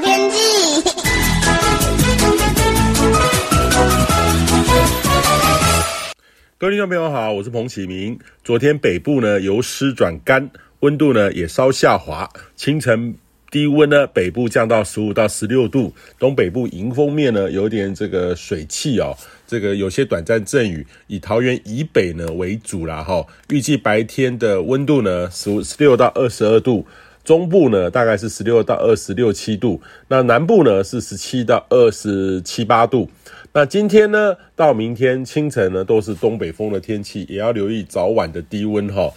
天氣，各位聽眾朋友好，我是彭啟明。昨天北部呢由濕轉乾，溫度呢也稍下滑。清晨低溫呢北部降到十五到十六度，東北部迎風面呢有點這個水汽哦，這個有些短暫陣雨，以桃園以北呢為主啦哈。預計白天的溫度呢十五十六到二十二度。中部呢，大概是十六到二十六七度，那南部呢是十七到二十七八度。那今天呢到明天清晨呢都是東北風的天氣，也要留意早晚的低溫齁。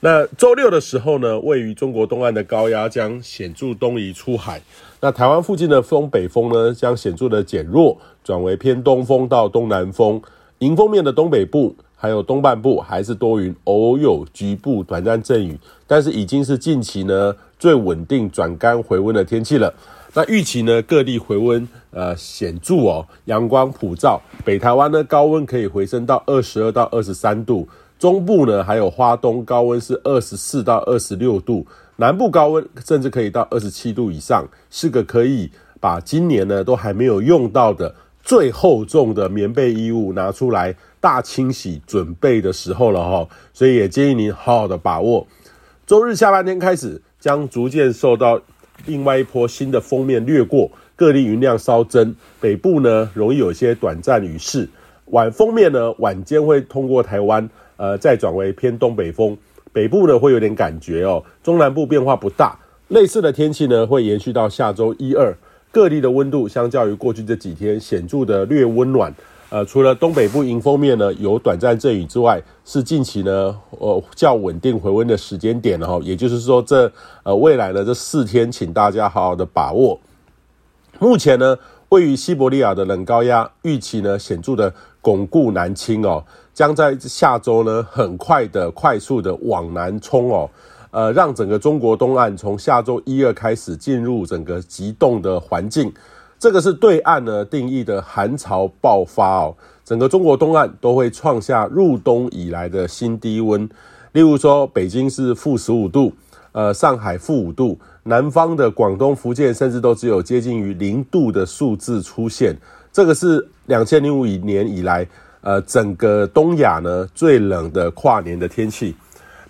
那周六的時候呢，位於中國東岸的高壓將顯著東移出海，那台灣附近的東北風呢將顯著的減弱，轉為偏東風到東南風，迎風面的東北部。還有東半部還是多雲，偶有局部短暫陣雨，但是已經是近期呢最穩定轉乾回溫的天氣了。那預期呢各地回溫呃顯著哦，陽光普照。北台灣呢高溫可以回升到二十二到二十三度，中部呢還有花東高溫是二十四到二十六度，南部高溫甚至可以到二十七度以上，是個可以把今年呢都還沒有用到的，最厚重的棉被衣物拿出來大清洗準備的時候了哈、哦，所以也建議您好好的把握。周日下半天開始，將逐漸受到另外一波新的鋒面掠過，各地雲量稍增，北部呢容易有些短暫雨勢。晚鋒面呢，晚間會通過台灣，呃，再轉為偏東北風，北部呢會有點感覺哦，中南部變化不大。類似的天氣呢，會延續到下周一二。各地的溫度相較於過去這幾天顯著的略溫暖，呃，除了東北部迎風面呢有短暫陣雨之外，是近期呢呃較穩定回溫的時間點哈，哦，也就是說這呃未來的這四天，請大家好好的把握。目前呢，位於西伯利亞的冷高壓預期呢顯著的鞏固南侵。哦，將在下週呢很快的快速的往南衝哦。呃，讓整個中國東岸從下周一、二開始進入整個急凍的環境，這個是對岸呢定義的寒潮爆發哦。整個中國東岸都會創下入冬以來的新低溫，例如說北京是負十五度，呃，上海負五度，南方的廣東、福建甚至都只有接近於零度的數字出現。這個是兩千零五年以來，呃，整個東亞呢最冷的跨年的天氣。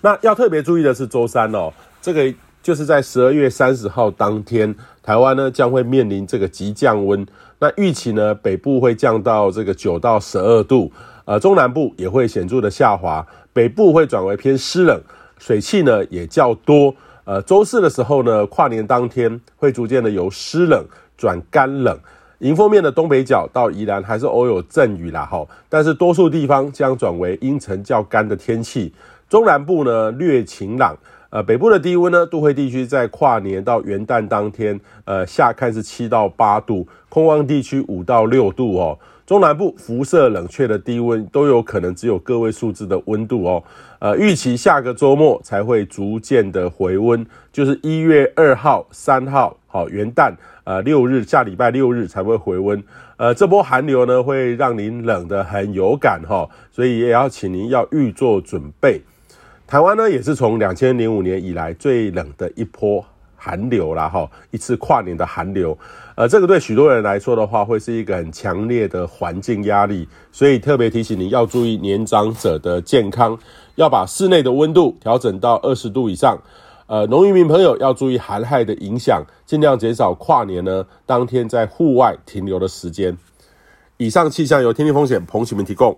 那要特別注意的是，周三哦，這個就是在十二月三十號當天，台灣呢將會面臨這個急降溫。那預期呢，北部會降到這個九到十二度，呃，中南部也會顯著的下滑。北部會轉為偏濕冷，水汽呢也較多。呃，周四的時候呢，跨年當天會逐漸的由濕冷轉乾冷。迎風面的東北角到宜蘭還是偶有陣雨啦，哈，但是多數地方將轉為陰沉較乾的天氣。中南部呢略晴朗，呃，北部的低溫呢，都會地區在跨年到元旦當天，呃下看是七到八度，空曠地區五到六度哦。中南部輻射冷卻的低溫都有可能只有個位數字的溫度哦，呃預期下個周末才會逐漸的回溫，就是一月二號、三號，好元旦，呃六日下禮拜六日才會回溫，呃這波寒流呢會讓您冷得很有感哈、哦，所以也要請您要預做準備。台灣呢，也是從2005年以來最冷的一波寒流了哈，一次跨年的寒流。呃，這個對許多人來說的話，會是一個很強烈的環境壓力，所以特別提醒你要注意年長者的健康，要把室內的溫度調整到二十度以上。呃，農漁民朋友要注意寒害的影響，盡量減少跨年呢當天在戶外停留的時間。以上氣象由天氣風險彭啟明提供。